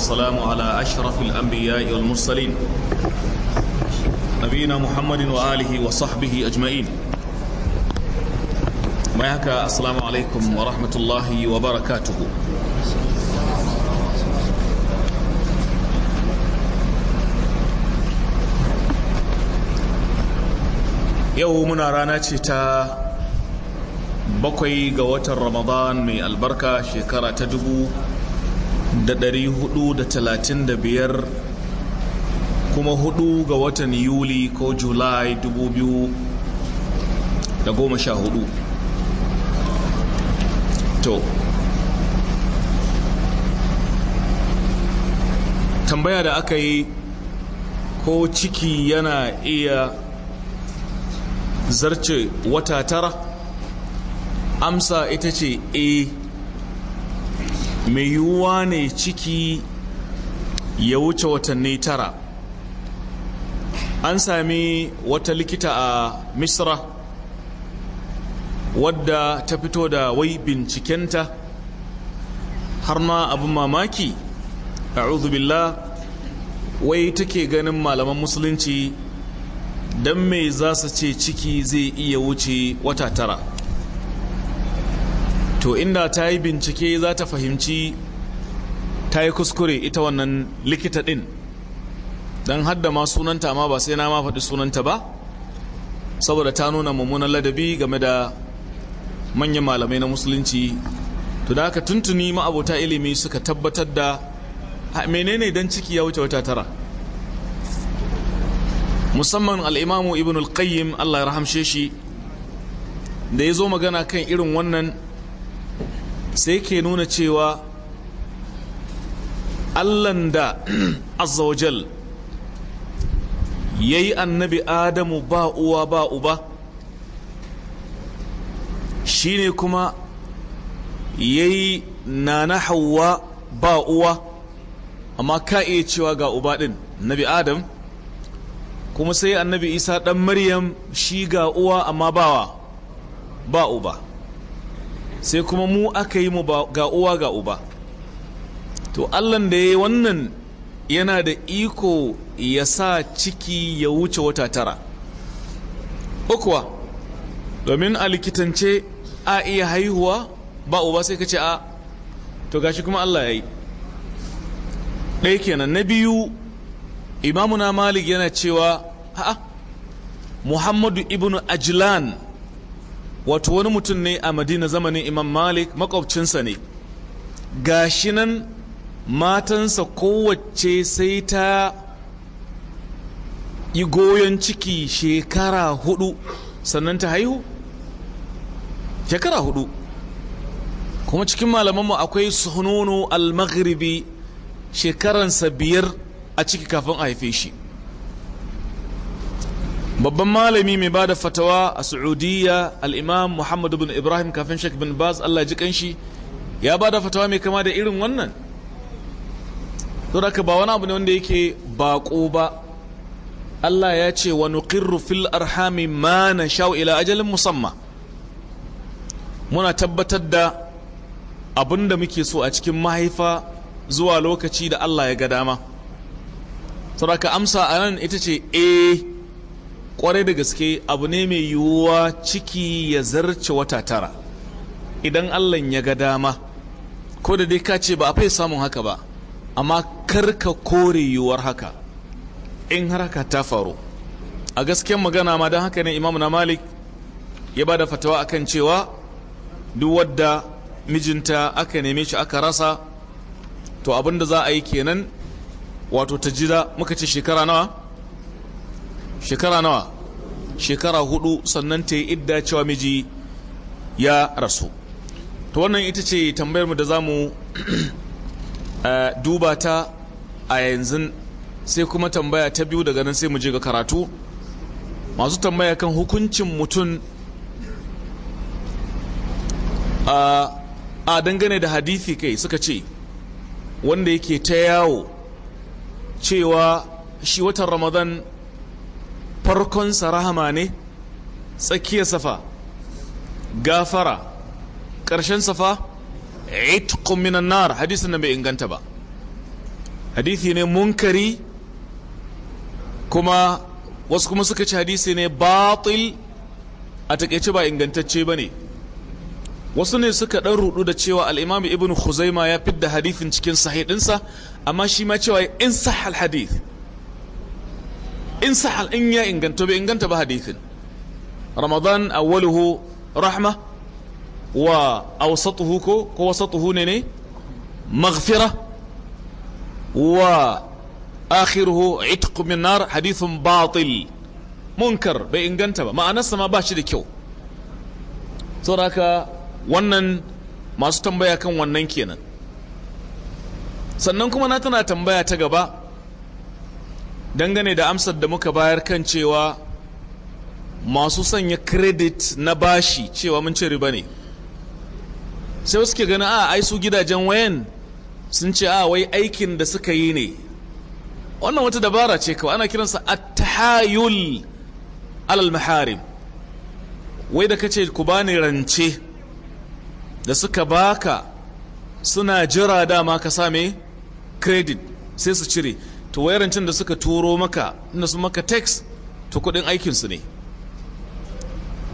والسلام على أشرف الأنبياء والمرسلين نبينا محمد وآله وصحبه أجمعين ما يهكى السلام عليكم ورحمة الله وبركاته yau muna rana ce ta bakwai ga watan ramadan mai albarka shekara ta dubu da ɗari hudu da talatin da biyar kuma hudu ga watan yuli ko july dubu biyu da goma sha hudu to tambaya da aka yi ko ciki yana iya zarce wata tara amsa ita ce a eh. mai yiwuwa ne ciki ya wuce watanni tara an sami wata likita a misra wadda ta fito da wai bincikenta har ma abin mamaki a billah wai take ganin malaman musulunci don mai za su ce ciki zai iya wuce wata tara to inda ta yi bincike za ta fahimci ta yi kuskure ita wannan likita ɗin don hada ma sunanta ma ba sai na ma faɗi sunanta ba saboda ta nuna mummunan ladabi game da manyan malamai na musulunci to da haka tuntuni ma'abota ilimi suka tabbatar da menene don ciki ya wuce wata tara musamman al'imamu ibn al-qayyim Allah ya rahamshe shi da ya zo magana kan irin wannan sai ke nuna cewa allan da azawajal ya yi annabi adamu ba uwa ba uba shi ne kuma ya yi nana hawa ba uwa amma ka iya cewa ga uba ɗin nabi adam kuma sai annabi isa ɗan maryam shi ga uwa amma bawa ba uba sai kuma mu aka yi mu ga uwa ga uba to allan da ya yi wannan yana da iko ya sa ciki ya wuce wata tara ukuwa domin a likitance a iya haihuwa ba uba sai ka ce a to gashi kuma allah ya yi ɗaya kenan na biyu imamuna malik yana cewa ha'a muhammadu ibnu ajlan wato wani mutum ne a madina zamanin imam malik makwabcinsa ne gashi nan matansa kowace sai ta yi goyon ciki shekara hudu sannan ta haihu shekara hudu kuma cikin malamanmu akwai suhununu al-maghribi shekaransa biyar a ciki kafin a haife shi babban malami mai bada fatawa a Saudiya al-Imam bin Ibrahim kafin Sheikh bin Baz Allah ji kanshi ya bada fatawa mai kama da irin wannan to da ba wani abu ne wanda yake bako ba Allah ya ce wa nuqirru fil arhami ma sha'u ila ajalin musamma muna tabbatar da abin da muke so a cikin mahaifa zuwa lokaci da Allah ya ga dama saboda amsa a nan ita ce eh kwarai da gaske abu ne mai yiwuwa ciki ya zarce wata tara idan allah ya ga dama ko da dai ka ce ba a fai samun haka ba amma karka kore yiwuwar haka in har haka ta faru a gasken magana ma don haka ne imam na malik ya ba da fatawa akan cewa duk wadda mijinta aka neme shi aka rasa to da za a yi kenan wato ta jira muka ce shekara nawa shekara nawa shekara hudu sannan ta yi idda cewa miji ya rasu ta wannan ita ce tambayarmu da za mu eh, duba ta a yanzu sai kuma tambaya ta biyu daga nan sai mu je ga karatu masu tambaya kan hukuncin mutum a dangane da hadithi kai suka ce wanda yake ta yawo cewa shi watan ramadan farkonsa rahama ne tsakiyar safa gafara ƙarshen safa itqu minan nar hadisin nan bai inganta ba hadisi ne munkari kuma wasu kuma suka ci hadisi ne batil a takaice ba ingantacce ba ne wasu ne suka dan rudu da cewa al'imami Ibn khuzaima ya fidda hadisin cikin sahidinsa amma shi ma cewa in sahal hadith in sahal in ya inganta bai inganta ba hadithin ramadan awwaluhu rahma wa awsatuhu ko ko wasatuhu ne ne maghfira wa akhiruhu itq min nar hadithun batil munkar bai inganta ba ma'anarsa ma ba shi da kyau saboda wannan masu tambaya kan wannan kenan sannan kuma na tana tambaya ta gaba dangane da amsar da muka bayar kan cewa masu sanya kredit na bashi cewa mun ce riba ne sai suke gani a ai su gidajen wayan sun ce a wai aikin da suka yi ne wannan wata dabara ce kawai ana kiransa attahayul alal maharim wai da kace ku bani rance da suka baka suna jira dama ka same credit sai su cire to wayarancin da suka turo maka inda su maka text to kudin aikinsu ne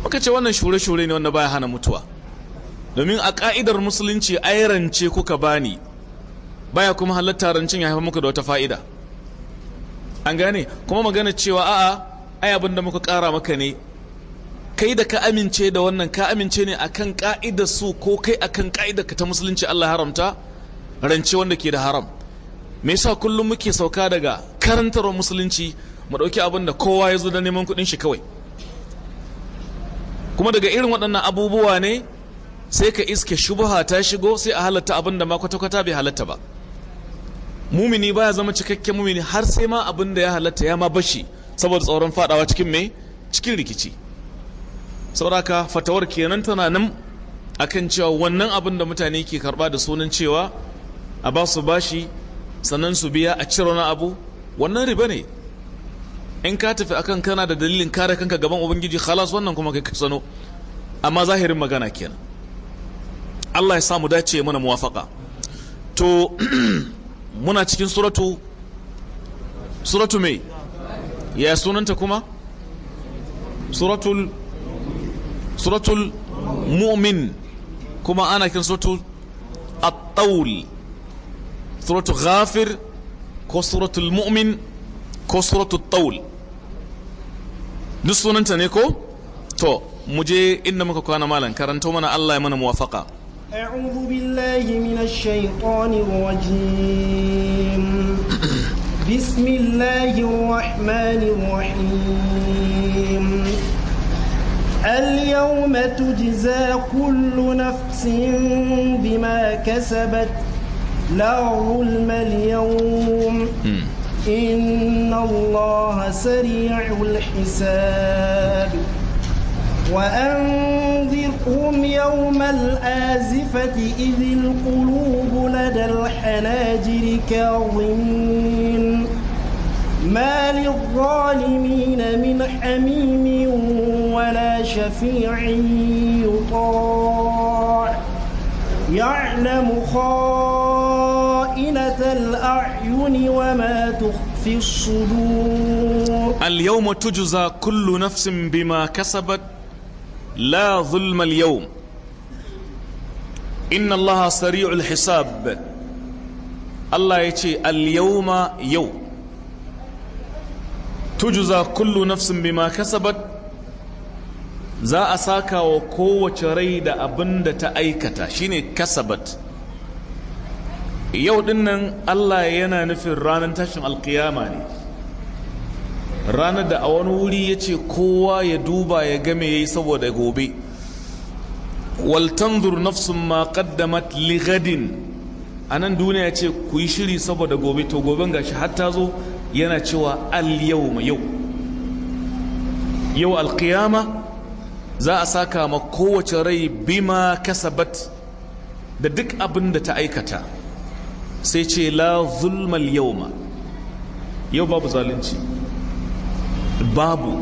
muka ce wannan shure-shure ne wanda baya hana mutuwa domin a ka'idar musulunci ai rance kuka bani baya kuma halatta rancin ya haifar muka da wata fa'ida an gane kuma magana cewa a'a ai abin da muka kara maka ne kai da ka amince da wannan ka amince ne akan ka'idar su ko kai akan ka'idar ka ta musulunci Allah haramta rance wanda ke da haram me yasa kullum muke sauka daga karantarwa musulunci mu dauki abin da kowa ya zo da neman kuɗin shi kawai kuma daga irin waɗannan abubuwa ne sai ka iske shubha ta shigo sai a halatta abin da ma kwata-kwata bai halatta ba mumini baya zama cikakken mumini har sai ma abin da ya halatta ya ma bashi saboda tsoron fadawa cikin me cikin rikici sauraka fatawar kenan tana nan akan cewa wannan abin da mutane ke karba da sunan cewa a ba su bashi sannan su biya a cire wani abu wannan riba ne in ka tafi akan kana da dalilin kare kanka gaban ubangiji khalas wannan kuma kai ka sano amma zahirin magana kenan Allah ya sa mu dace mana muwafaka to muna cikin suratu suratu mai ya sunanta kuma suratul mu'min kuma ana kin suratul at-tawl suratu ghafir ko suratul mu'min ko suratul taul duk sunanta ne ko to mu je inda muka kwana malam karanto mana Allah ya mana muwafaqa أعوذ بالله من الشيطان الرجيم بسم الله الرحمن الرحيم اليوم تجزى كل نفس بما كسبت لا ظلم اليوم إن الله سريع الحساب وأنذرهم يوم الآزفة إذ القلوب لدى الحناجر كاظمين ما للظالمين من حميم ولا شفيع يطاع يعلم خاطئ زينة الأعين وما تخفي الصدور اليوم تجزى كل نفس بما كسبت لا ظلم اليوم إن الله سريع الحساب الله يتي اليوم يوم تجزى كل نفس بما كسبت za a saka wa kowace rai da abin da ta aikata shine kasabat yau nan, Allah yana nufin ranar tashin alkiyama ne ranar da a wani wuri ya ce kowa ya duba ya game ya yi saboda gobe waltanzur nafsun ma kaddamat ligadin a nan duniya ce ku yi shiri saboda gobe to goben gashi hatta zo yana cewa al yau ma yau yau alkiyama za a saka ma kowace rai bima kasabat da duk abin da ta aikata sai ce la zulmal ma. yau babu zalunci babu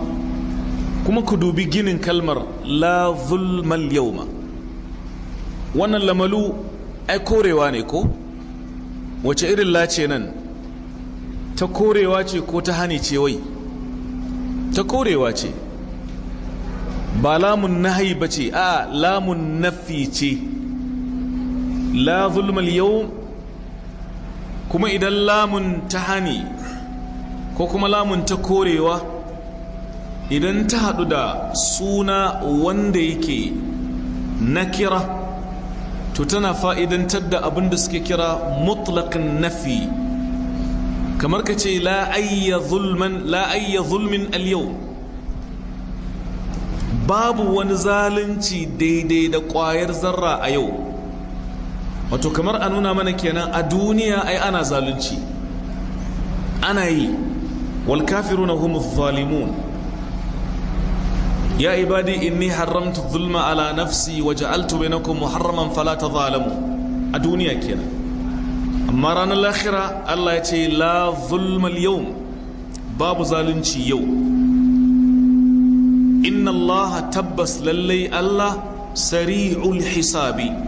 kuma ku dubi ginin kalmar la zulmal ma. wannan lamalu ai korewa ne ko wace irin lace nan ta korewa ce ko ta hane ce wai ta korewa ce ba lamun nahi ba ce a lamun nafi ce la zulmal yau. kuma idan lamun ta hani ko kuma lamun ta korewa idan ta haɗu da suna wanda yake na kira to tana fa'idantar da abin da suke kira mutlaƙin nafi kamar ka ce la'ayya zulmin al babu wani zalunci daidai da ƙwayar zarra a yau wato kamar a nuna mana kenan a duniya ai ana zalunci ana yi wal kafiruna hum zalimun ya ibadi inni haramtu zulma ala nafsi wa ja'altu bainakum muharraman fala tadhalamu a duniya kenan amma ranar lahira Allah ya ce la zulma al babu zalunci yau inna Allah tabbas lallai Allah sari'ul hisabi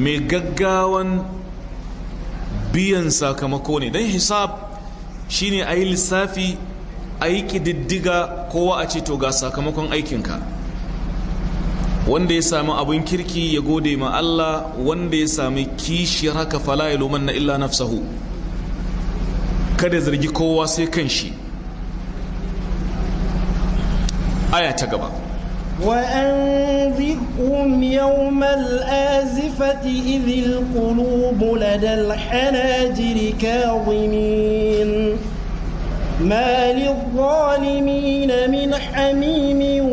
mai gaggawan biyan sakamako ne don hisab shine a yi lissafi a yi ƙididdiga kowa a ce to ga sakamakon aikinka wanda ya sami abin kirki ya gode ma Allah wanda ya sami kishiyar haka fala ya loman na illa nafsahu kada zargi kowa sai kan shi aya ta gaba وأنذرهم يوم الآزفة إذ القلوب لدى الحناجر كاظمين ما للظالمين من حميم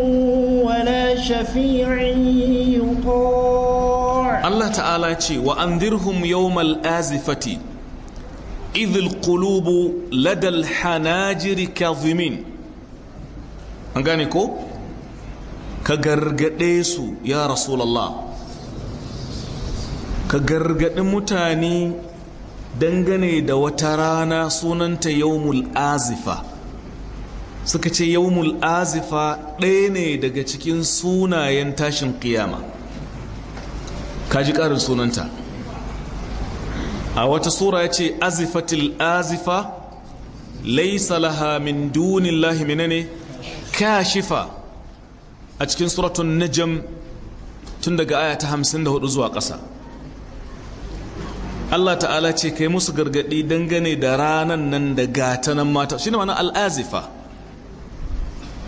ولا شفيع يطاع الله تعالى وأنذرهم يوم الآزفة إذ القلوب لدى الحناجر كاظمين أنغانيكو ka gargade su ya rasulallah ka gargadi mutane dangane da wata rana sunanta yawmul azifa suka ce yawmul azifa ɗaya ne daga cikin sunayen tashin kiyama ka ji ƙarin sunanta a wata sura ya ce azifatil azifa laisa laha min dunillahi minane kashifa a cikin suratun najam tun daga aya ta hamsin da hudu zuwa ƙasa Allah ta'ala ce kai musu gargadi dangane da ranan nan da gatanan mata shi ne al'azifa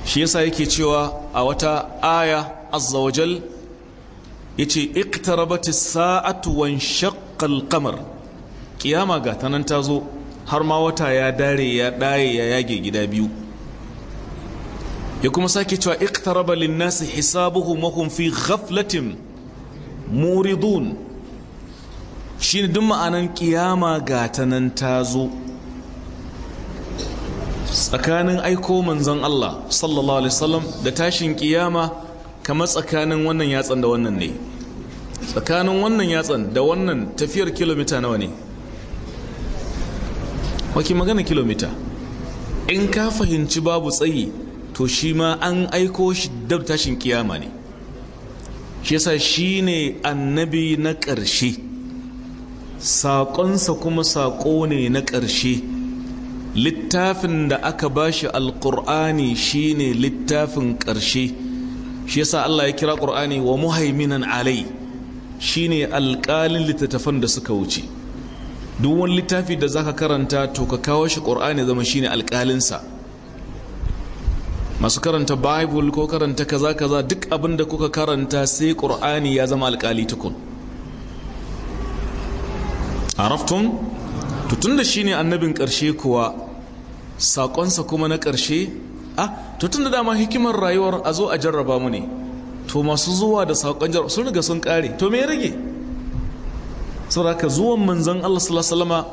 shi yasa yake cewa a wata aya azza wajal yace iqtarabatis sa'atu wanshaqqa al-qamar kiyama gatanan zo har ma wata ya dare ya ɗaye ya yage gida biyu ya kuma sake cewa iqtaraba lin-nasi hisabuhum wa hum fi ghaflatin muridun shine duk ma'anan kiyama gata nan tazo tsakanin aiko manzon Allah sallallahu alaihi wasallam da tashin kiyama kamar tsakanin wannan yatsan da wannan ne tsakanin wannan yatsan da wannan tafiyar kilomita nawa ne waki magana kilomita in ka fahimci babu tsayi to shi ma an aiko shi dab tashin kiyama ne shi yasa shi ne annabi na ƙarshe saƙonsa kuma saƙo ne na ƙarshe littafin da aka bashi alƙur'ani shi ne littafin ƙarshe shi yasa Allah ya kira ƙur'ani wa muhaiminan alai shi ne alƙalin littattafan da suka wuce duk wani littafi da zaka karanta to ka kawo shi ƙur'ani zama shi ne alƙalinsa masu karanta bible ko karanta kaza kaza duk abin da kuka karanta sai qur'ani ya zama alkali tukun araftum to tunda shine annabin karshe kuwa sa kuma na karshe ah to tunda dama hikimar rayuwar a zo a jarraba mu ne to masu zuwa da sakon jarraba sun riga sun kare to me rage saboda ka zuwan manzon Allah sallallahu alaihi wasallama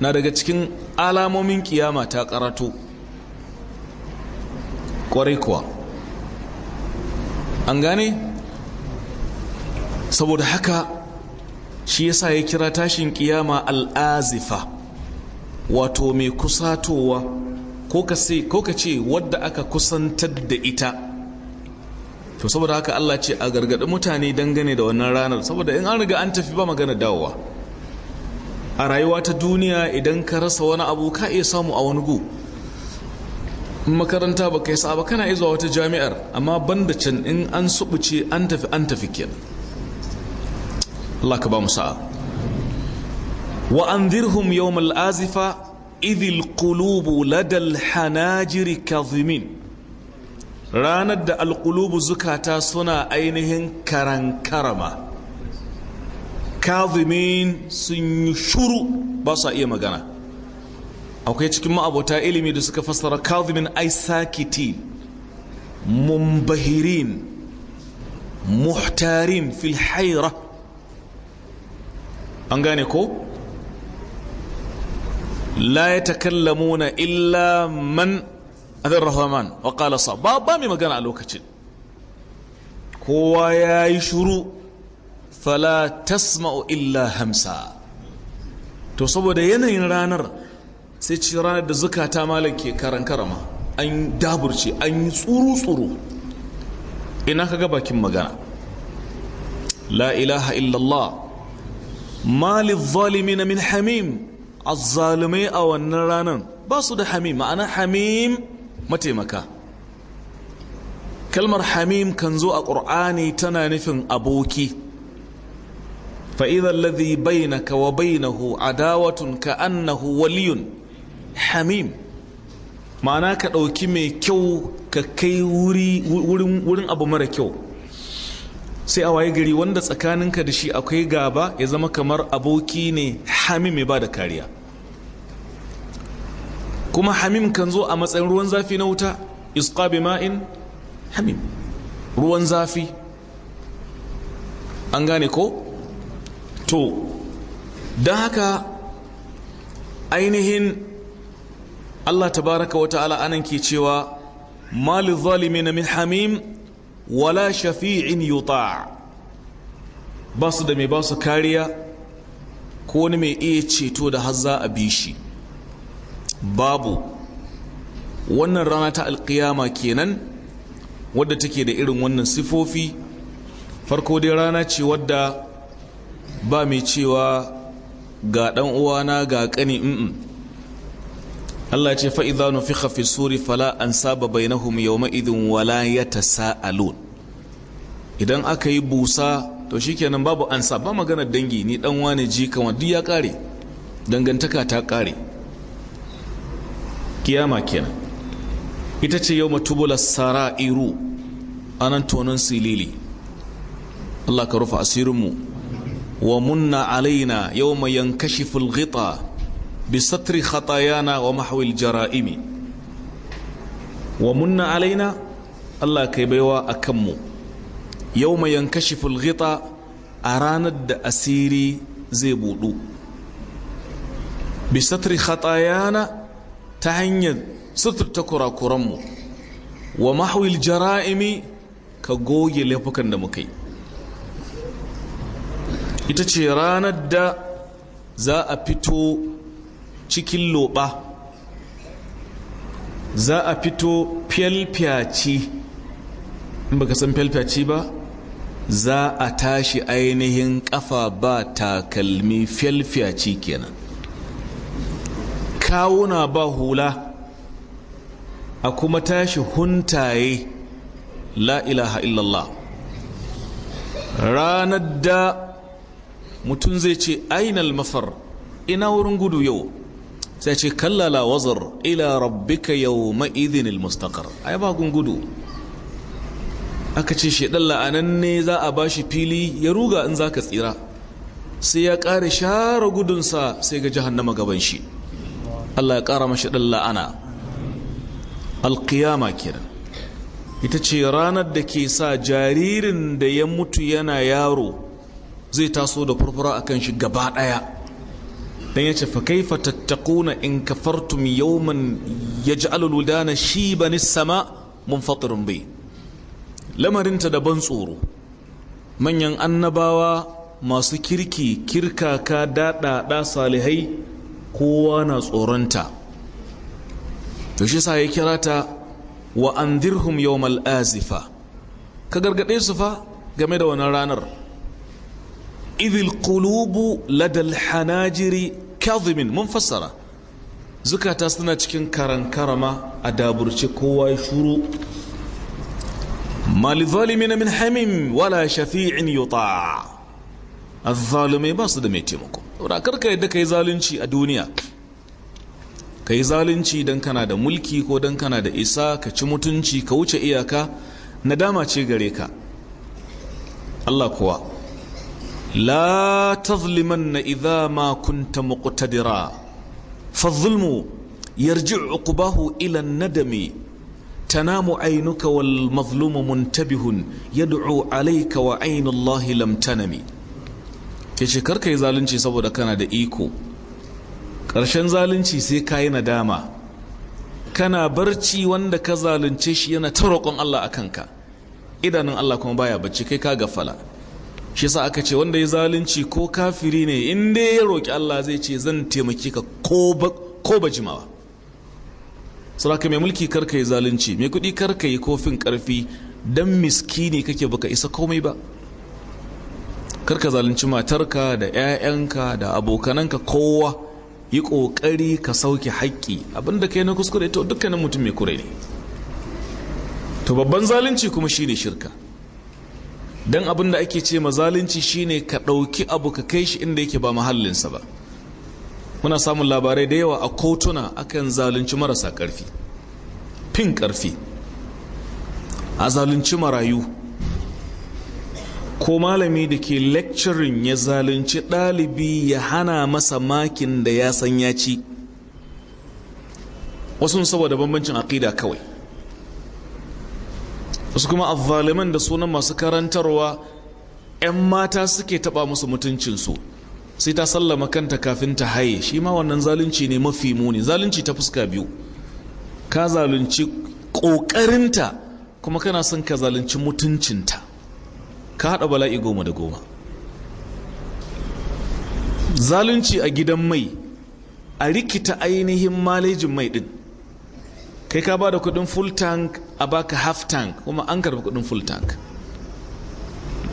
na daga cikin alamomin kiyama ta karato kwarai kuwa an gane saboda haka shi yasa ya kira tashin kiyama al'azifa wato mai kusatowa ko ka ce wadda aka kusantar da ita to saboda haka Allah ce a gargaɗi mutane dangane da wannan ranar saboda in an riga an tafi ba magana dawowa a rayuwa ta duniya idan ka rasa wani abu ka iya samu a wani gu makaranta ba kai ba kana izuwa wata jami'ar amma banda can in an subuce an tafi an tafi kenan Allah ka ba mu sa'a wa anzirhum yawm al-azifa idh al-qulub lada al-hanajir kadhimin ranar da al-qulub zukata suna ainihin karankarama kadhimin sun yi shuru ba sa iya magana akwai cikin ma'abota ilimi da suka fassara kalvin aisakiti mumbahirin muhtarin fil haira an gane ko la ya takallamuna illa man adar rahman wa qala sa ba ba mai magana a lokacin kowa ya yi shuru fala tasma'u illa hamsa to saboda yanayin ranar sai ci ranar da zukata malam ke karan karama an daburce an yi tsuru-tsuru ina ka bakin magana la ilaha illallah malin zalimi na min hamim azzalume a wannan ranar ba su da hamim ma'ana hamim mataimaka kalmar hamim kan zo a ƙur'ani tana nufin aboki fa'idan ladhi bainaka wa bainahu adawatun ka annahu waliyun hamim ma'ana ka ɗauki mai kyau ka kai wurin abu mara kyau sai a waye gari wanda tsakaninka da shi akwai gaba ya zama kamar aboki ne hamim mai ba da kariya kuma hamim kan zo a matsayin ruwan zafi na wuta isqa ma'in hamim ruwan zafi an gane ko to don haka ainihin Allah tabaraka wa ta'ala anan ke cewa malil zalimin min hamim wala shafi'in yuta ba su da mai ba su kariya ko wani mai iya ceto da har za a bi shi babu wannan rana ta alkiyama kenan wadda take da irin wannan sifofi farko dai rana ce wadda ba mai cewa ga ɗan uwana ga kani Allah ce fa'iza nufi hafi suri fala an saba bai na hum yau wala ya ta sa'alun idan aka yi busa to shikenan kenan babu an saba maganar dangi ni dan wane ji kama duk ya kare dangantaka ta kare kiyama kenan ita ce yau matubula sara'iru anan tonon silili Allah ka rufa asirinmu wa munna alaina yau mai yankashiful ghita بستر خطايانا ومحو الجرائم ومن علينا الله كيبيوا أكمو يوم ينكشف الغطاء أراند أسيري زيبودو بستر خطايانا تهنيد ستر تكرا كرمو ومحو الجرائم كغوي لفكن دمكي ita ce ranar da za a fito cikin loɓa za a fito fyalfyaci in baka san fyalfyaci ba za a tashi ainihin ƙafa ba takalmi fyalfyaci kenan kawuna ba hula a kuma tashi huntaye la ilaha illallah ranar da mutum zai ce ainal mafar ina wurin gudu yau sai ce kallala wazar ila rabbika yau idhin almustaqar ai ba gungudu aka ce shedan la'anan ne za a bashi fili ya ruga in zaka tsira sai ya kare share gudunsa sai ga jahannama gaban shi Allah ya kara mashi dan la'ana alkiyama kenan ita ce ranar da ke sa jaririn da ya mutu yana yaro zai taso da furfura akan shi gaba ɗaya dan ce fa kaifa tattaquna in kafartum yawman yaj'alu al-wildana shiban as-sama munfatirun bai. lamarinta da ban tsoro manyan annabawa masu kirki kirkaka daɗaɗa salihai kowa na tsoronta to shi sa ya kira ta wa andirhum yawmal azifa ka gargaɗe su fa game da wannan ranar إذ القلوب لدى الحناجر كاظم منفسرة زكاة سنة كن كرن كرما أدابر شكوا شروع ما للظالمين من حميم ولا شفيع يطاع الظالمي ba su da mai taimako rakar ka yadda kai zalunci a duniya kai zalunci dan kana da mulki ko dan kana da isa ka ci mutunci ka wuce iyaka nadama ce gare ka Allah kuwa لا تظلمن إذا ما كنت مقتدرا فالظلم يرجع عقباه إلى الندم تنام عينك والمظلوم منتبه يدعو عليك وعين الله لم تنم yace karka yi zalunci saboda kana da iko Karshen zalunci sai ka yi nadama kana barci wanda ka zalunce shi yana ta Allah a kanka idanun Allah kuma baya bacci kai ka gafala shi sa aka ce wanda ya zalunci ko kafiri ne in dai ya roƙi Allah zai ce zan taimaki ka ko ba jimawa saraka mai mulki karka yi zalunci mai kuɗi karka yi kofin ƙarfi don miskini kake baka isa komai ba karka zalunci matarka da 'ya'yanka da abokananka kowa yi ƙoƙari ka sauke haƙƙi abinda kai na kuskure to dukkanin mutum mai kure ne to babban zalunci kuma shine shirka don abin da ake ce mazalunci shine ka ɗauki abu ka kai shi inda yake ba mahallinsa ba muna samun labarai da yawa a kotuna akan zalunci marasa ƙarfi fin ƙarfi a zalunci marayu ko malami da ke lecturing ya zalunci ɗalibi ya hana masa makin da ya san ya ci wasu saboda bambancin aƙida kawai wasu kuma azzaliman da sunan masu karantarwa 'yan mata suke taba musu mutuncinsu sai ta sallama kanta kafin ta haye shi ma wannan zalunci ne mafi muni zalunci ta fuska biyu ka zalunci ƙoƙarinta kuma kana son ka zalunci mutuncinta ka haɗa bala'i goma da goma zalunci a gidan mai a rikita ainihin malejin mai ɗin kai ka ba da kuɗin full tank a baka half tank kuma an karbi kudin full tank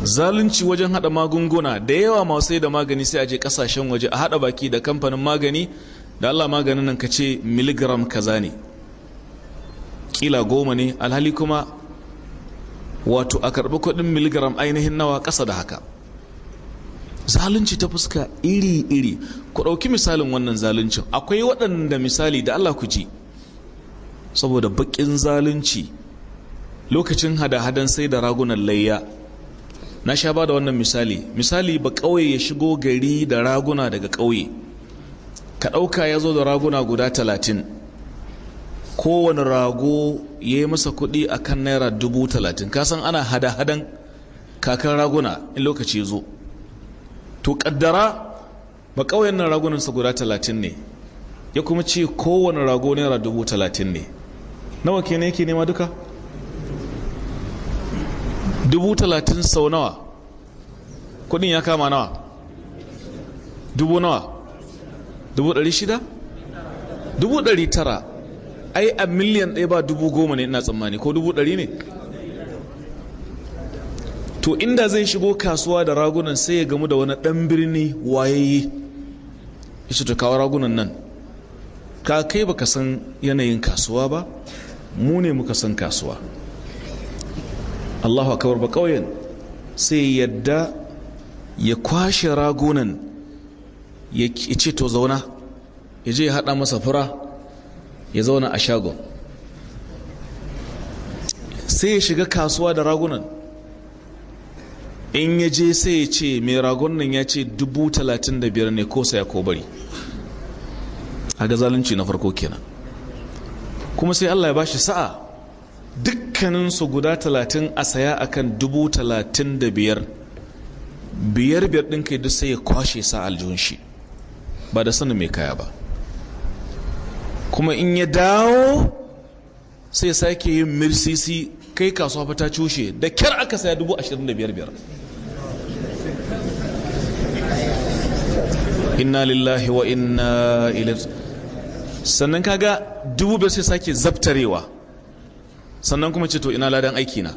zalunci wajen hada magunguna da yawa masu sai da magani sai a je kasashen waje a hada baki da kamfanin magani da Allah maganin nan ka ce miligram kaza ne kila goma ne alhali kuma wato a karbi kudin miligram ainihin nawa kasa da haka zalunci ta fuska iri-iri ku ɗauki misalin wannan zaluncin akwai waɗanda misali da Allah ku ji saboda bakin zalunci lokacin hada-hadan sai da ragunan layya na sha ba da wannan misali misali ba ƙauye ya shigo gari da raguna daga ƙauye ka ɗauka ya zo da raguna guda talatin kowane rago ya yi masa kuɗi a kan naira dubu talatin kasan ana hada-hadan kakan raguna in lokaci zo to kaddara ba ƙauyen nan ragunansa guda talatin ne ya kuma ce kowane rago naira dubu talatin ne nawa ke ne ke nema duka dubu talatin sau nawa kudin ya kama nawa dubu nawa dubu dari shida dubu dari tara ai a miliyan ɗaya ba dubu goma ne ina tsammani ko dubu dari ne to inda zai shigo kasuwa da ragunan sai ya gamu da wani ɗan birni wayayye ya ce to kawo ragunan nan ka kai baka san yanayin kasuwa ba mu ne muka san kasuwa allahu akbar ba ƙauyen sai yadda ya kwashe ragunan ya ce to zauna ya je ya haɗa masa fura ya zauna a shagon sai ya shiga kasuwa da ragunan in ya je sai ya ce mai ragunan ya ce dubu talatin da biyar ne ko saya ko bari a ga zalunci na farko kenan kuma sai Allah ya bashi sa'a dukkaninsu guda talatin a saya akan dubu talatin da biyar biyar biyar ɗin kai duk sai ya kwashe sa aljihun shi ba da sanin mai kaya ba kuma in ya dawo sai sake yin mirsisi kai kasuwa fa ta cushe da kyar aka saya dubu ashirin da biyar biyar inna lillahi wa inna ilaihi sannan kaga dubu biyar sai sake zabtarewa sannan kuma ce to ina ladan aiki na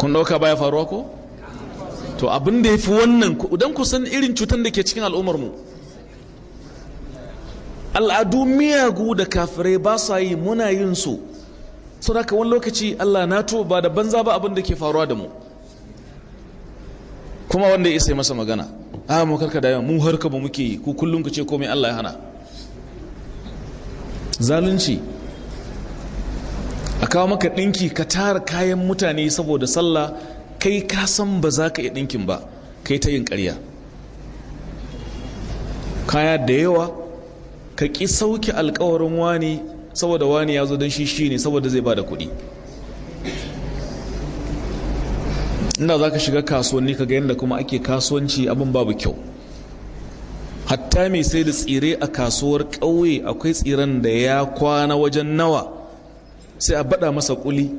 kun dauka baya faruwa ko to abin da ya fi wannan idan ku san irin cutar da ke cikin al'ummar mu al'adu miyagu da kafirai ba sa yi muna yin su sau wani lokaci allah na to ba da banza ba abin da ke faruwa da mu kuma wanda ya isa masa magana a mu karka da yawa mu harka ba muke yi ku kullum ku ce komai Allah ya hana zalunci a kawo maka ɗinki ka tara kayan mutane saboda sallah kai ka san ba za ka iya ɗinkin ba kai ta yin ƙarya kaya da yawa ka ƙi sauke alkawarin wani saboda wani ya zo don shi shi ne saboda zai ba da kuɗi inda za ka shiga kasuwanni ka ga yadda kuma ake kasuwanci abin babu kyau hatta mai sai da tsire a kasuwar ƙauye akwai tsiren da ya kwana wajen nawa sai a bada masa kuli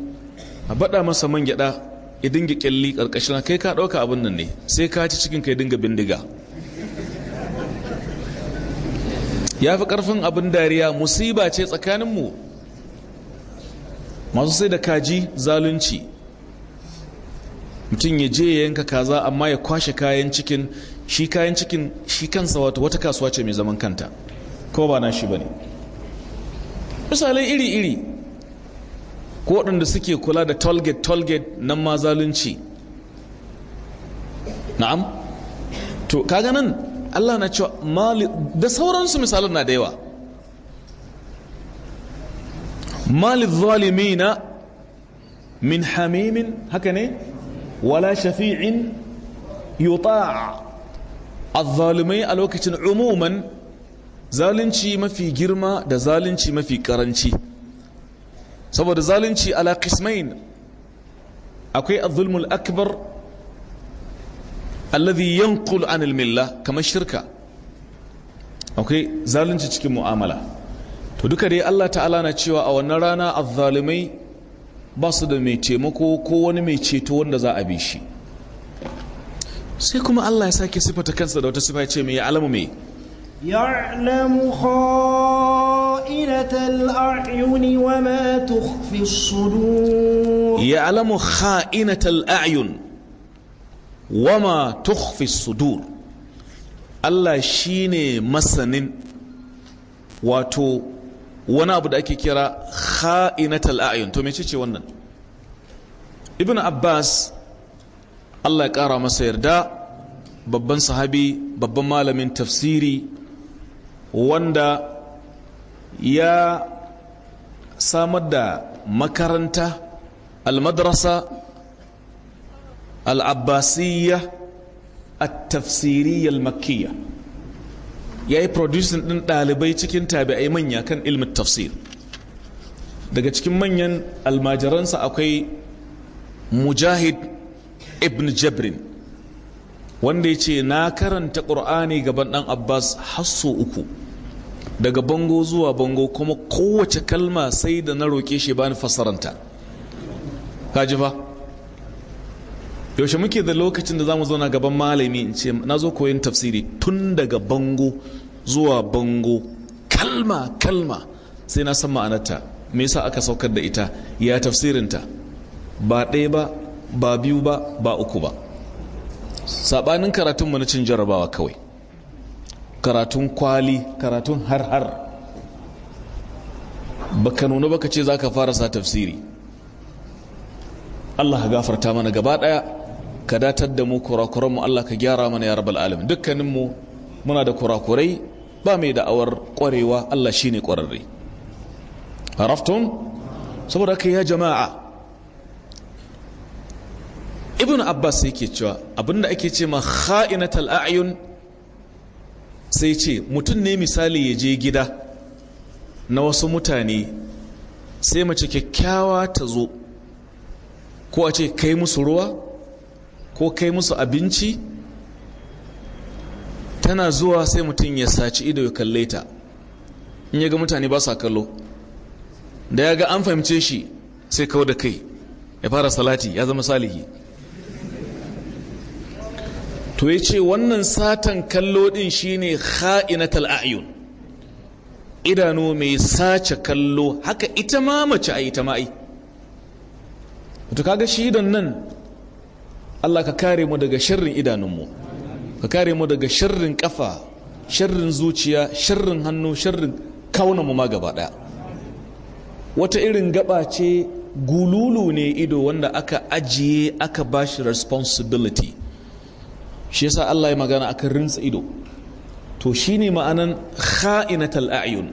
a bada masa man gyada ya dinga kyalli karkashin kai ka ɗauka abin nan ne sai ka ci cikin kai dinga bindiga ya fi ƙarfin abin dariya musiba ce tsakaninmu masu sai da kaji zalunci mutum ya je ya yanka kaza amma ya kwashe kayan cikin shi kayan cikin shi kansa wato wata kasuwa ce mai zaman kanta ko ba na shi ba ne misalai iri-iri ko waɗanda suke kula da tolgate tolgate nan ma zalunci na'am to kaga nan allah na cewa mali da sauransu misalan na da yawa mali zalimina min hamimin haka ne wala shafi'in yuta' azzalimai a lokacin umuman zalunci mafi girma da zalunci mafi karanci saboda zalunci ala qismain akwai azzulmul akbar alladhi yanqul anil milla kamar shirka akwai zalunci cikin mu'amala to duka dai Allah ta'ala na cewa a wannan rana azzalimai ba su da mai taimako ko wani mai ceto wanda za a bi shi sai kuma Allah ya sake sifata kansa da wata sifa ya ce mai alamu mai ya'lamu kha'inatal a'yun wa ma tukhfi as-sudur ya'lamu kha'inatal a'yun wa ma tukhfi as-sudur Allah shine masanin wato wani abu da ake kira kha'inatal a'yun to mece ce wannan ibn abbas allah ya kara masa yarda babban sahabi babban malamin tafsiri wanda ya samar da makaranta al-madarasa, almadrasa al'abbasiyya التفسيرية المكية ya yi producing ɗin ɗalibai cikin tabi'ai manya kan ilmin tafsir daga cikin manyan almajiransa akwai mujahid ibn jabrin wanda ya ce na karanta ƙur'ani gaban ɗan abbas hasso uku daga bango zuwa bango kuma kowace kalma sai da na roƙe shi bani fasaranta kaji fa yaushe muke da lokacin da zamu zauna gaban malami in ce na zo koyon tafsiri tun daga bango zuwa bango kalma kalma sai na san ma'anarta me yasa aka saukar da ita ya tafsirinta ba ɗaya ba ba biyu ba ba uku ba saɓanin karatun mu na cin jarabawa kawai karatun kwali karatun har har baka nuna baka ce za ka fara sa tafsiri Allah gafarta mana gaba ɗaya ka datar da mu kurakuranmu Allah ka gyara mana ya rabal alamin dukkaninmu muna da kurakurai ba mai da'awar kwarewa Allah shine kwararre haraftun saboda haka ya jama'a ibn abbas yake cewa abinda ake ce ma kha'inatul a'yun sai ce mutum ne misali ya je gida na wasu mutane sai mace kyakkyawa ta zo ko a ce kai musu ruwa ko kai musu abinci tana zuwa sai mutum ya saci ido ya kalle ta in ya ga mutane ba sa kallo da ya ga an fahimce shi sai kawo da kai ya fara salati ya zama salihi to ya ce wannan satan kallo din shine kha'inatal a'yun idanu mai sace kallo haka ita ma mace a ita ma'i to kaga shi idan nan Allah ka kare mu daga sharrin idanunmu ka kare mu daga sharrin kafa sharrin zuciya sharrin hannu sharrin mu ma gaba daya wata irin gaba ce gululu ne ido wanda aka ajiye aka bashi responsibility shi yasa Allah ya magana akan rinsa ido to shine ma'anan kha'inatal a'yun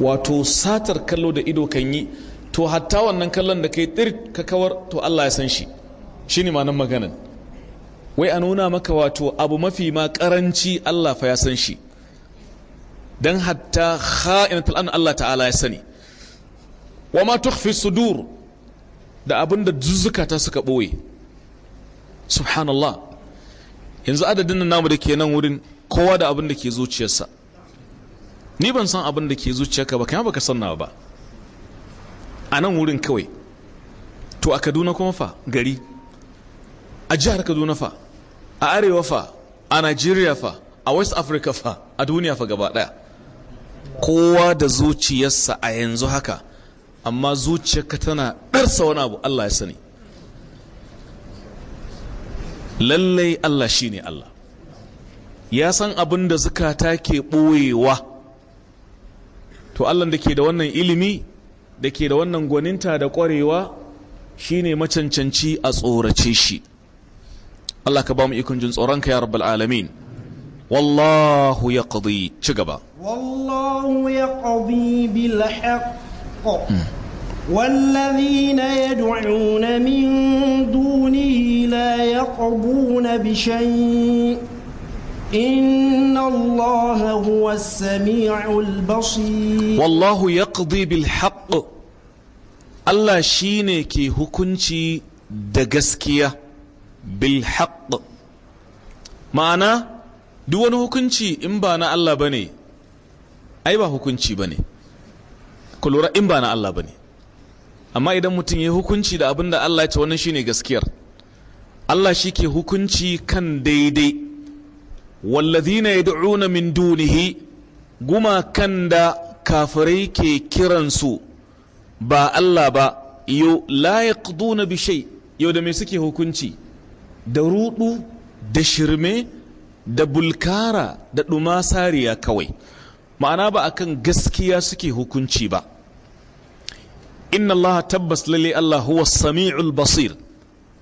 wato satar kallo da ido kan yi to hatta wannan kallon da kai dir ka kawar to Allah ya san shi shi ne manan maganin wai a nuna maka wato abu mafi ma karanci Allah fa ya san shi don hatta ha’in an Allah ta'ala ya sani wa ma tukhfi sudur da abin da zuzukata suka ɓoye subhanallah yanzu adadin namu da ke nan wurin kowa da abin da ke zuciyarsa ni ban san abin da ke zuciyarka ba kama baka san ba a nan wurin kawai to a kaduna kuma fa gari a jihar kaduna fa a arewa fa a nigeria fa a west africa fa a duniya fa gaba daya kowa da zuciyarsa a yanzu haka amma zuciyarka tana ɗarsa wani abu allah ya sani lallai allah shine allah ya san abin da zukata ke ɓoyewa to allah da ke da wannan ilimi da ke da wannan gwaninta da ƙwarewa shine macancanci a tsorace shi Allah ka ba mu ikon jin tsoronka ya rabbal alamin wallahu yaqdi ci gaba wallahu yaqdi bil haqq والذين يدعون من دونه لا يقضون بشيء إن الله هو السميع البصير والله يقضي بالحق الله شينك هكنشي دقسكيه bilhaq ma'ana duk wani hukunci in ba na Allah bane ai ba hukunci bane ku lura in ba na Allah bane amma idan mutum ya hukunci da abin da Allah ya ce wannan shine gaskiyar Allah shi ke hukunci kan daidai wallazina yad'una min dunihi guma kan da kafirai ke kiransu ba Allah ba yau la yaqduna bi shay yau da me suke hukunci da rudu da shirme da bulkara da dumasariya kawai ma'ana ba akan gaskiya suke hukunci ba inna Allah tabbas lalle Allah huwa sami'ul basir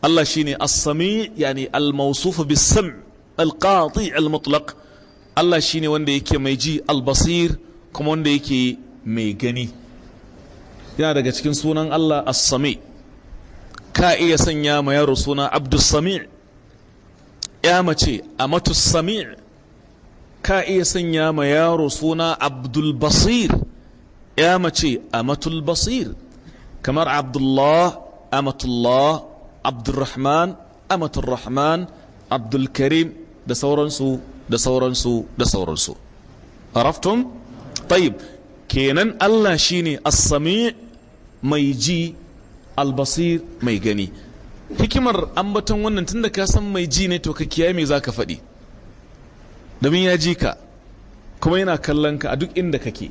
Allah shine as-sami' yani al-mawsuf bis-sam' al-qati' al-mutlaq Allah shine wanda yake mai ji al-basir kuma wanda yake mai gani yana daga cikin sunan Allah as-sami' ka iya sanya mayar yaro suna Abdus-Sami' ya mace a matus ka iya sanya ma yaro suna abdul basir ya mace a matul basir kamar abdullah amatullah abdurrahman amaturrahman abdulkarim da sauransu da sauransu da sauransu araftum طيب kenan Allah shine as mai ji albasir mai gani hikimar ambaton wannan tunda ka san mai ji ne to ka kiyaye me ka faɗi domin ya ji ka kuma yana kallon ka a duk inda kake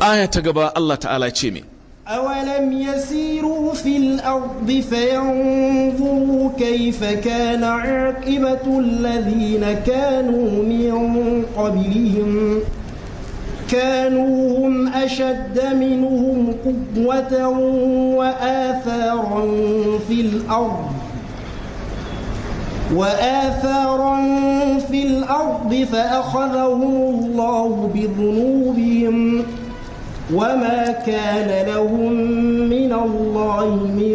aya ta gaba Allah ta'ala ce me أولم يسيروا في الأرض فينظروا كيف كان عاقبة الذين كانوا من قبلهم كانوا هم أشد منهم قوة وآثارا في الأرض وآثارا في الأرض فأخذهم الله بذنوبهم وما كان لهم من الله من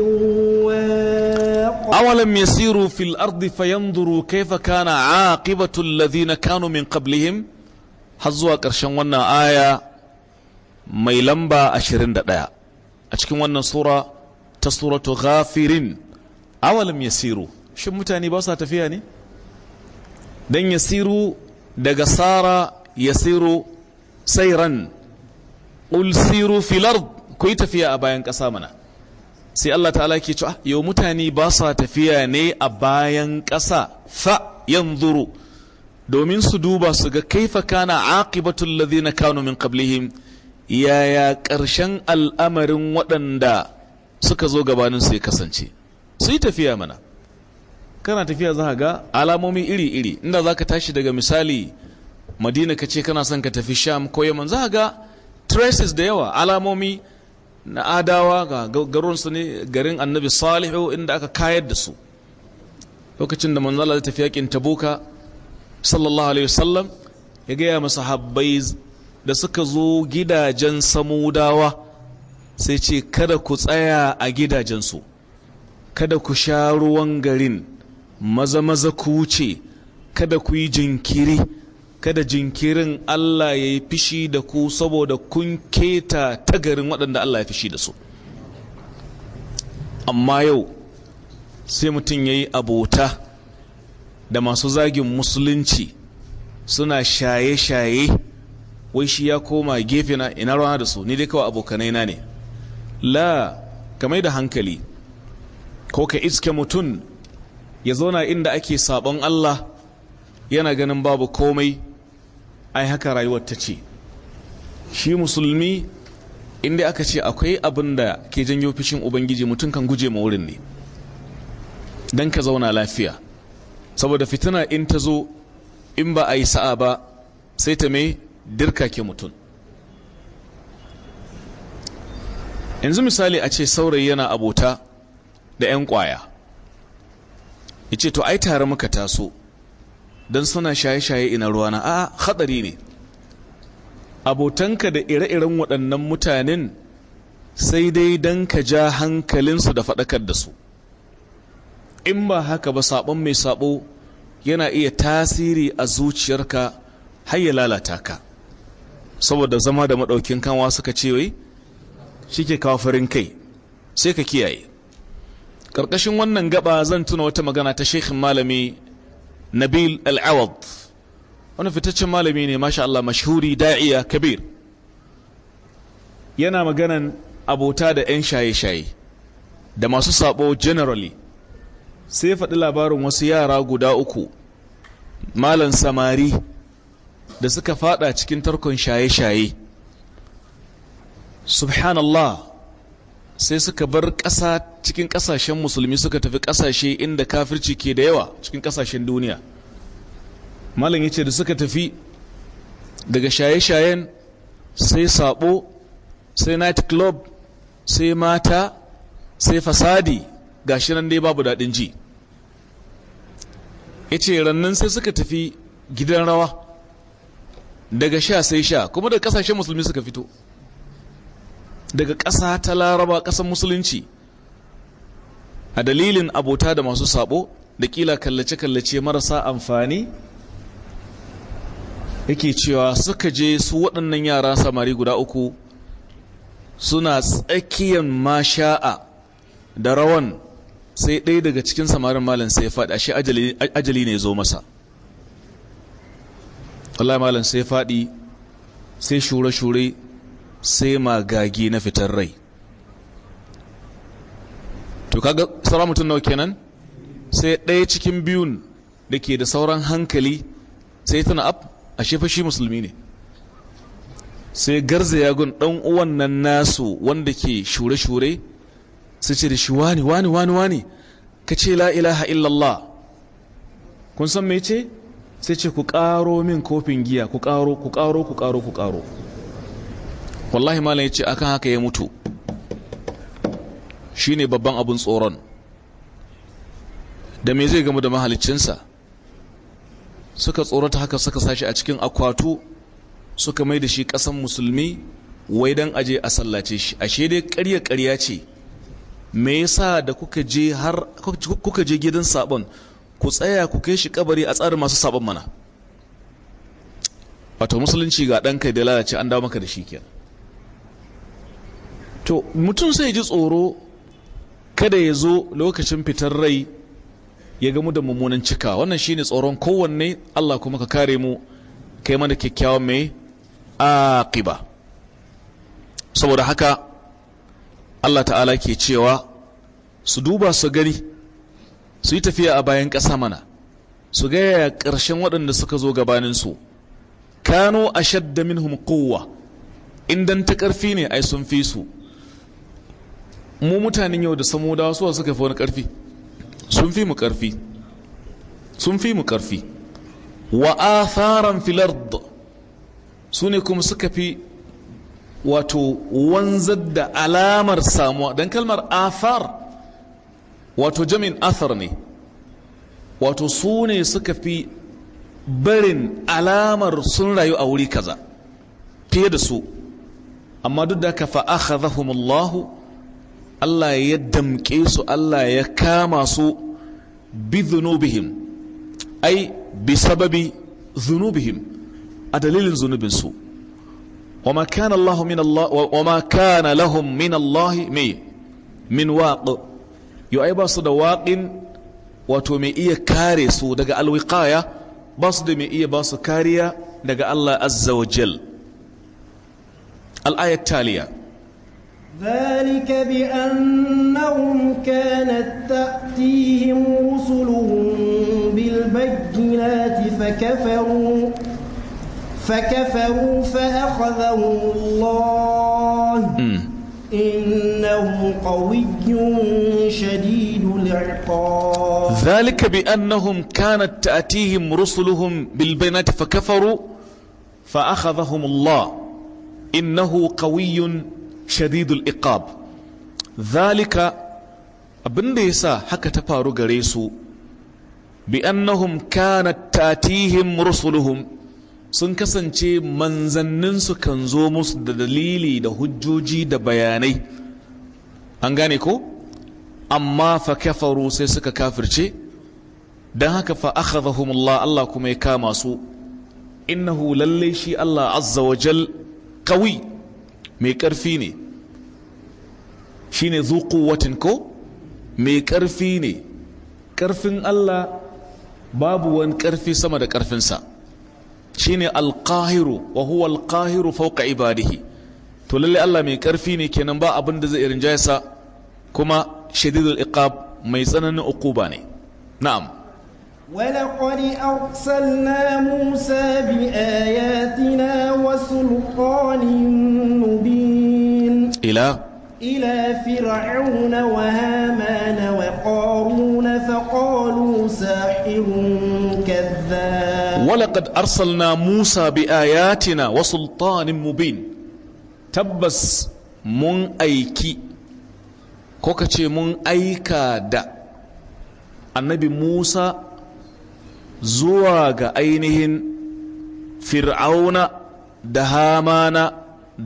واق أولم يسيروا في الأرض فينظروا كيف كان عاقبة الذين كانوا من قبلهم ؟ har zuwa ƙarshen wannan aya mai lamba ashirin ɗaya a cikin wannan sura ta suratu ghafirin awalam yasiru shi mutane ba sa tafiya ne dan yasiru daga sara yasiru sairan ran siru filar ku yi tafiya a bayan ƙasa mana sai Allah ta'ala ke cewa ah, yau mutane ba sa tafiya ne a bayan ƙasa fa yanzuru domin su duba su ga kaifa kana aqibatul ladhina kanu min qablihim yaya ƙarshen al'amarin waɗanda suka zo gabanin su ya kasance su yi tafiya mana kana tafiya za ga alamomi iri-iri inda za ka tashi daga misali madina ka ce kana son ka tafi sham ko yaman za ga traces da yawa alamomi na adawa ga su ne garin annabi salihu inda aka kayar da su lokacin da manzala zai tafi yakin tabuka sallallahu alaihi wasallam ya gaya masa habbai da suka zo gidajen samudawa sai ce kada ku tsaya a gidajensu kada ku sha ruwan garin maza maza ku wuce kada ku yi jinkiri kada jinkirin Allah ya yi fishi da ku saboda kun keta ta garin waɗanda Allah ya fishi da su amma yau sai mutum ya yi abota da masu zagin musulunci suna shaye-shaye wai shi ya koma gefe na ina rana da su ni dai kawai abokanai na ne la kamar da hankali ko ka iske mutum ya zauna inda ake sabon Allah yana ganin babu komai ai haka rayuwar ta ce shi musulmi inda aka ce akwai abin da ke janyo fishin ubangiji mutum kan guje ma wurin ne Dan ka zauna lafiya saboda fitina in ta zo in ba a yi sa'a ba sai ta mai dirka ke mutum yanzu misali a ce saurayi yana abota da 'yan kwaya ya ce to ai tare muka taso don suna shaye-shaye ina ruwana a haɗari ne abotanka da ire-iren waɗannan mutanen sai dai don ka ja hankalinsu da faɗakar da su in ba haka ba sabon mai sabo yana iya tasiri a zuciyarka har ya lalata ka saboda zama da maɗaukin kanwa suka ce wai ke kafirin kai sai ka kiyaye ƙarƙashin wannan gaba zan tuna wata magana ta shekhin malami nabil al'awad wani fitaccen malami ne masha Allah mashhuri da'iya kabir yana maganan abota da 'yan shaye-shaye da masu sabo generally sai ya faɗi labarin wasu yara guda uku malan samari da suka faɗa cikin tarkon shaye-shaye subhanallah sai suka bar ƙasa cikin ƙasashen musulmi suka tafi ƙasashe inda kafirci ke da yawa cikin ƙasashen duniya malam ya ce da suka tafi daga shaye-shayen sai sabo sai night club sai mata sai fasadi gashi nan dai babu daɗin ji ya ce rannan sai suka tafi gidan rawa daga sha sai sha kuma daga kasashen musulmi suka fito daga ƙasa ta laraba ƙasar musulunci a dalilin abota da masu sabo da ƙila kallace-kallace marasa amfani yake cewa suka je su waɗannan yara samari guda uku suna tsakiyan masha'a da rawan sai ɗaya daga cikin samarin malam sai ya faɗi shi ajali ne zo masa wallahi malam sai ya faɗi sai shure-shure sai magagi na fitar rai to kaga sauran mutum na kenan sai ɗaya cikin biyun da ke da sauran hankali sai tana ab a shi musulmi ne sai garza yagun ɗan uwan nan nasu wanda ke shure-shure sai ce da shi wani wani wani wani ka ce la ilaha illallah kun san mai ce sai ce ku karo min kofin giya ku karo ku karo ku karo ku karo. wallahi malam ya ce akan haka ya mutu Shi ne babban abin tsoron da mai zai gama da mahaliccinsa suka tsorata haka suka sashi a cikin akwatu suka mai da shi kasan musulmi wai don aje a sallace shi ashe dai karya karya ce me yasa da kuka je har kuka je gidan sabon ku tsaya ku kai shi kabari a tsarin masu sabon mana wato musulunci ga kai da lalace an dawo maka da shi kenan to mutum sai ji tsoro kada ya zo lokacin fitar rai ya gamu da mummunan cika wannan shine tsoron kowanne Allah kuma ka kare mu kai mana kyakkyawan mai aqiba saboda haka Allah ta'ala ke cewa su duba su gani su yi tafiya a bayan ƙasa mana su gaya ƙarshen waɗanda suka zo gabaninsu kano a shadda minhum kowa indan ta ƙarfi ne ai sun fi su mu mutanen yau da da wasu suka fi wani ƙarfi sun fi mu ƙarfi sun fi mu ƙarfi wa atharan filar da su ne kuma suka fi wato wanzar da alamar samuwa don kalmar wato jamin athar ne wato su ne suka fi barin alamar sun rayu a wuri kaza fiye da su amma duk da ka fa'akhadhahumullahu Allah ya damƙe su Allah ya kama su bi dhunubihim ai bi sababi dhunubihim a dalilin zunubinsu وما كان الله من الله وما كان لهم من الله مي من واق يو اي بصد واق وتومي اي كارس دغ الوقايه بصد مي اي كاريا دغ الله عز وجل الايه التاليه ذلك بانهم كانت تاتيهم رسلهم بالبينات فكفروا فكفروا فأخذهم الله إنه قوي شديد العقاب ذلك بأنهم كانت تأتيهم رسلهم بالبينات فكفروا فأخذهم الله إنه قوي شديد العقاب ذلك abin da ya sa haka ta faru gare su bi annahum kanat tatihim rusuluhum sun kasance manzanninsu kan zo musu da dalili da hujjoji da bayanai an gane ko amma fa kafaru sai suka kafirce don haka fa akhadhahumullah Allah kuma ya kama su innahu lalle shi Allah azza wa jal qawi mai karfi ne shine zu quwwatin ko mai karfi ne karfin Allah babu wani karfi sama da karfinsa shine alqahiru wa huwa alqahiru fawqa ibadihi to lalle Allah mai karfi ne kenan ba abin da zai rinjaye sa kuma shadidul iqab mai tsananin uquba ne na'am ولقد أرسلنا موسى بآياتنا وسلطان مبين إلى إلى فرعون وهامان وقارون فقالوا ساحر walaqad na Musa bi ayatina wa sultanin mubin tabbas mun aiki ko ka ce mun aika da annabi Musa zuwa ga ainihin fir'auna da hamana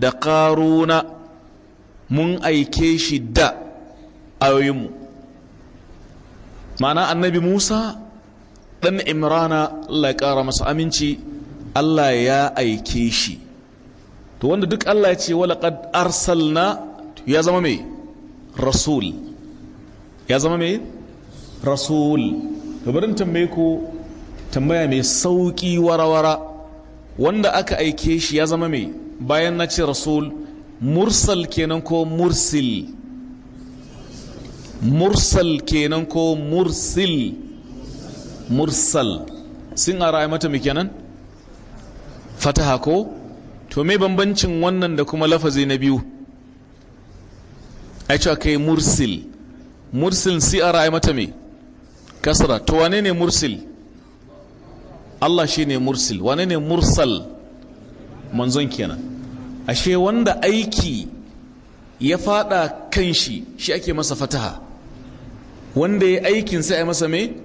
da ƙaruna mun aike shi da ayoyinmu ma'ana annabi Musa ɗan imrana Allah ya ƙara masa aminci Allah ya aike shi to wanda duk Allah ya ce walaƙad arsalna ya zama mai rasul ya zama mai rasul barin tambaye ku tambaya mai sauƙi warawara wanda aka aike shi ya zama mai bayan na ce rasul mursal kenan ko mursil mursal kenan ko mursil mursal sun ara mata mai nan? fataha ko to me bambancin wannan da kuma lafazi na biyu a cewa kai mursil mursil si ara mata mai kasra to wane ne mursil Allah shi ne mursil wane ne mursal manzon kenan ashe wanda aiki ya fada kan shi shi ake masa fataha wanda ya aikin sai a masa mai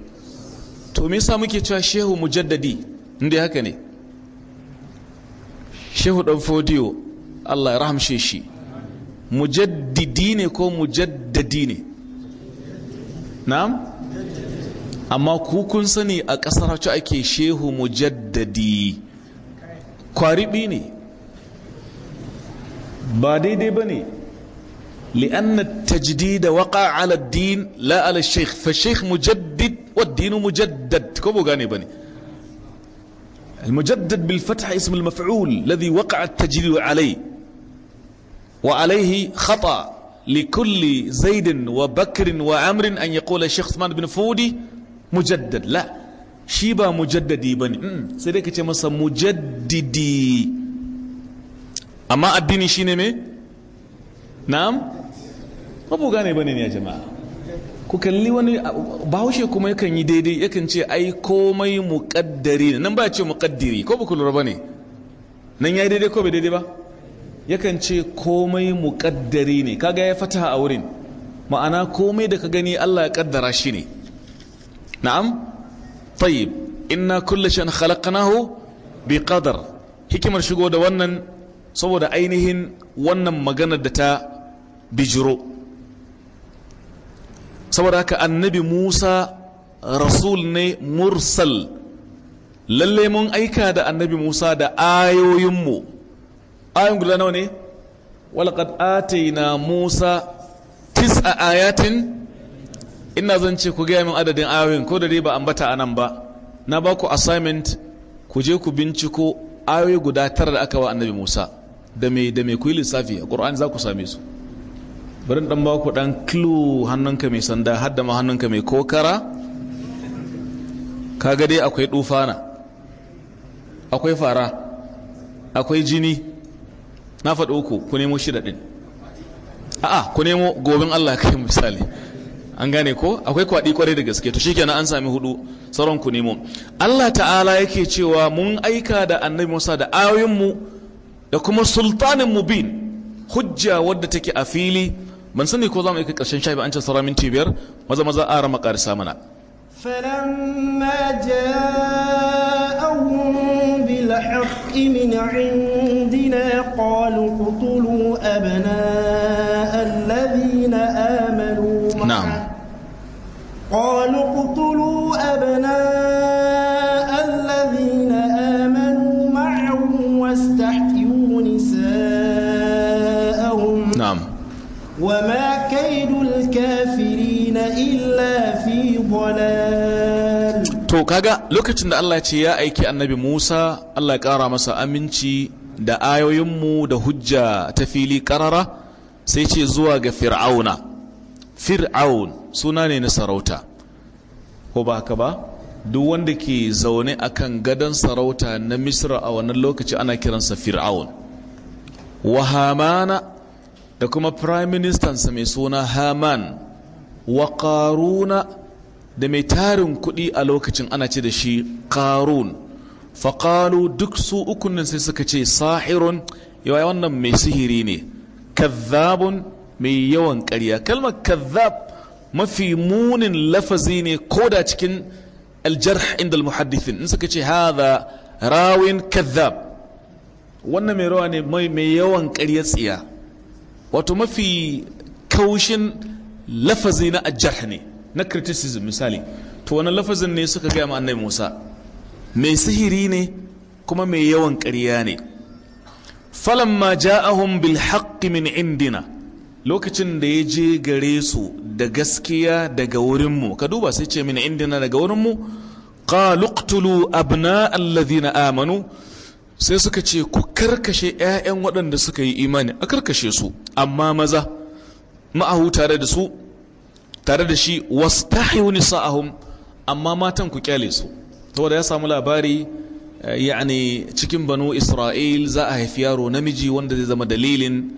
to me yasa muke cewa shehu mujaddadi inda haka ne shehu dan fodiyo Allah ya rahamshe shi mujaddidi ne ko mujaddadi ne na'am amma ku kun sani a ƙasar hacci ake shehu mujaddadi kwaribi ne ba daidai ba ne لأن التجديد وقع على الدين لا على الشيخ فالشيخ مجدد والدين مجدد كبو قاني بني المجدد بالفتح اسم المفعول الذي وقع التجديد عليه وعليه خطأ لكل زيد وبكر وعمر أن يقول الشيخ عثمان بن فودي مجدد لا شيبا مجددي بني سيديك تمسى مجددي أما الدين شيني نعم ba gane bane ne ya jama'a ku kalli wani bahaushe kuma yakan yi daidai yakan ce ai komai muƙaddari nan ba ce muƙaddiri ko ba ku ba ne nan ya yi daidai ko bai daidai ba yakan ce komai muƙaddari ne kaga ya fata a wurin ma'ana komai da ka gani Allah ya kaddara shi ne na'am tayyib inna kulle shan khalaqnahu bi qadar hikimar shigo da wannan saboda ainihin wannan maganar da ta bijiro saboda haka annabi Musa rasul ne mursal lalle mun aika da annabi Musa da ayoyinmu ayoyin guda nawa ne walaqad ataina Musa a ayatin ina zan ce ku gaya min adadin ayoyin ko da dai ba ambata nan ba na ba ku assignment ku je ku binciko ayoyi guda tara da aka wa annabi Musa da me da ku yi lissafi a za ku same su bari dan ba ku dan clue hannunka mai sanda hadda ma hannunka mai kokara kaga dai akwai dufana akwai fara akwai jini na faɗo ku ku nemo shida din a'a ku nemo gobin Allah kai misali an gane ko akwai kwaɗi kwarai da gaske to shikenan an sami hudu sauran ku nemo Allah ta'ala yake cewa mun aika da annabi Musa da ayoyin mu da kuma sultanin mubin hujja wadda take a fili من سني كو زامي كرشن شاي با انچ سرامين تي مزا مزا ار مقارسا منا فلما جاءهم بالحق من عندنا قالوا قتلوا ابناء الذين امنوا نعم قالوا قتلوا ابناء وما كيد الكافرين إلا في ضلال to kaga lokacin da Allah ce ya aiki annabi Musa Allah ya kara masa aminci da ayoyinmu da hujja ta fili karara sai ce zuwa ga fir'auna fir'aun suna ne na sarauta ko ba haka ba duk wanda ke zaune a kan gadon sarauta na misra a wannan lokaci ana kiransa fir'aun wahamana da kuma prime ministansa mai suna haman wa ƙaruna da mai tarin kuɗi a lokacin ana ce da shi ƙarun faƙalu duk su ukunin sai suka ce sahirun yawa wannan mai sihiri ne kazzabun mai yawan ƙarya kalmar kazzab mafi munin lafazi ne ko da cikin aljarh inda almuhaddithin in suka ce haza rawin kazzab wannan mai rawa ne mai yawan karya tsiya wato mafi kaushin lafazi na ajar ne na criticism misali to wani lafazin ne suka gaya ma annabi Musa mai sihiri ne kuma mai yawan karya ne falamma ja'ahum bil haqqi min indina lokacin da ya je gare su da gaskiya daga wurinmu ka duba sai ce min indina daga wurinmu qalu qtulu abna alladhina amanu sai suka ce ku karkashe 'ya'yan waɗanda suka yi imani a karkashe su amma maza ma'ahu tare da su tare da shi wasu wastahiyu sa'ahun amma matan ku kyale su saboda ya samu labari eh, yani cikin banu isra'il za a haifi yaro namiji wanda zai zama dalilin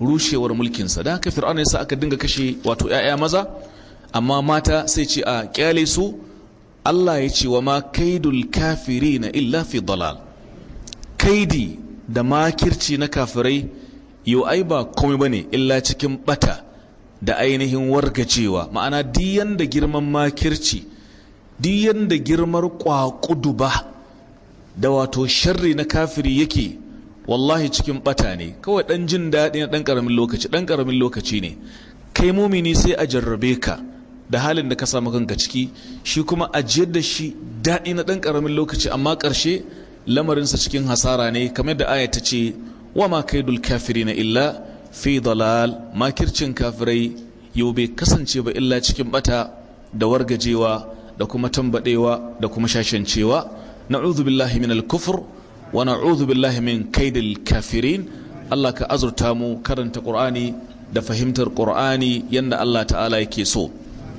rushewar mulkinsa da haka fir'auna sa aka dinga kashe wato 'ya'ya maza amma mata sai ce a kyale su Allah ya ce wa ma kaidul na illa fi dalal kaidi da makirci na kafirai yau ai ba komai bane illa cikin bata da ainihin wargacewa ma'ana diyan da girman makirci diyan da girmar ba, da wato sharri na kafiri yake wallahi cikin bata ne kawai dan jin daɗi na dan karamin lokaci dan karamin lokaci ne kai mumini sai a jarrabe ka da halin da ka samu kanka ciki shi kuma a jiyar da shi daɗi na ɗan ƙaramin lokaci amma ƙarshe lamarinsa cikin hasara ne kamar da aya ta ce wa ma kaidul kafiri na illa fi dalal makircin kafirai yau bai kasance ba illa cikin bata da wargajewa da kuma tambadewa da kuma shashancewa na'udhu billahi min al-kufr wa na'udhu billahi min kaidil kafirin Allah ka azurta mu karanta Qur'ani da fahimtar Qur'ani yanda Allah ta'ala yake so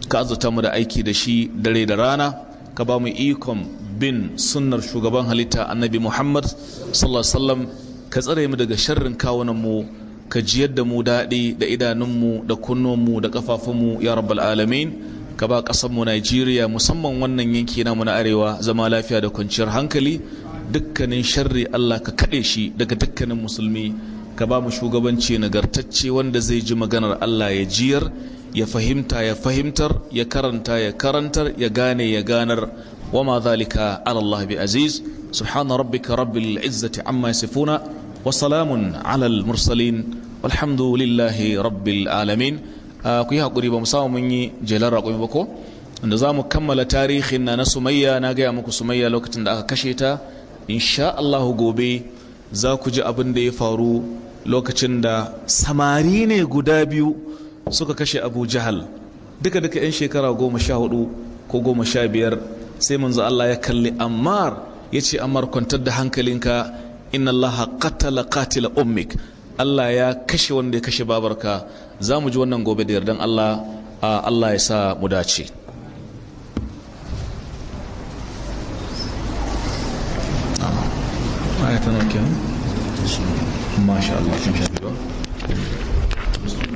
ka azurta mu da aiki da shi dare da rana ka ba mu ikon bin sunnar shugaban halitta annabi muhammad sallallahu alaihi ka tsare mu daga sharrin kawunan mu ka jiyar da mu daɗi da idanunmu da kunnuwanmu da ƙafafunmu ya rabbal alamin ka ba ƙasarmu Najeriya musamman wannan yanki namu na arewa zama lafiya da kwanciyar hankali dukkanin sharri Allah ka kaɗe shi daga dukkanin musulmi ka ba mu shugabanci nagartacce wanda zai ji maganar Allah ya jiyar ya fahimta ya fahimtar ya karanta ya karantar ya gane ya ganar وما ذلك على الله بأزيز سبحان ربك رب العزة عما يصفون وسلام على المرسلين والحمد لله رب العالمين ku mun yi jelar raƙumi ba ko da za kammala tarihin na na sumayya na gaya muku sumayya lokacin da aka kashe ta insha Allahu gobe za ji abin da ya faru lokacin da samari ne guda biyu suka kashe duka 'yan shekara goma sha hudu ko goma sha biyar sai manzo Allah ya kalli Ammar ya ce Ammar kwantar da hankalinka inna Allah qatala qatila ummik Allah ya kashe wanda ya kashe babarka za mu ji wannan gobe da yardan Allah Allah ya sa mu dace ayatan okay masha Allah kin shafi ba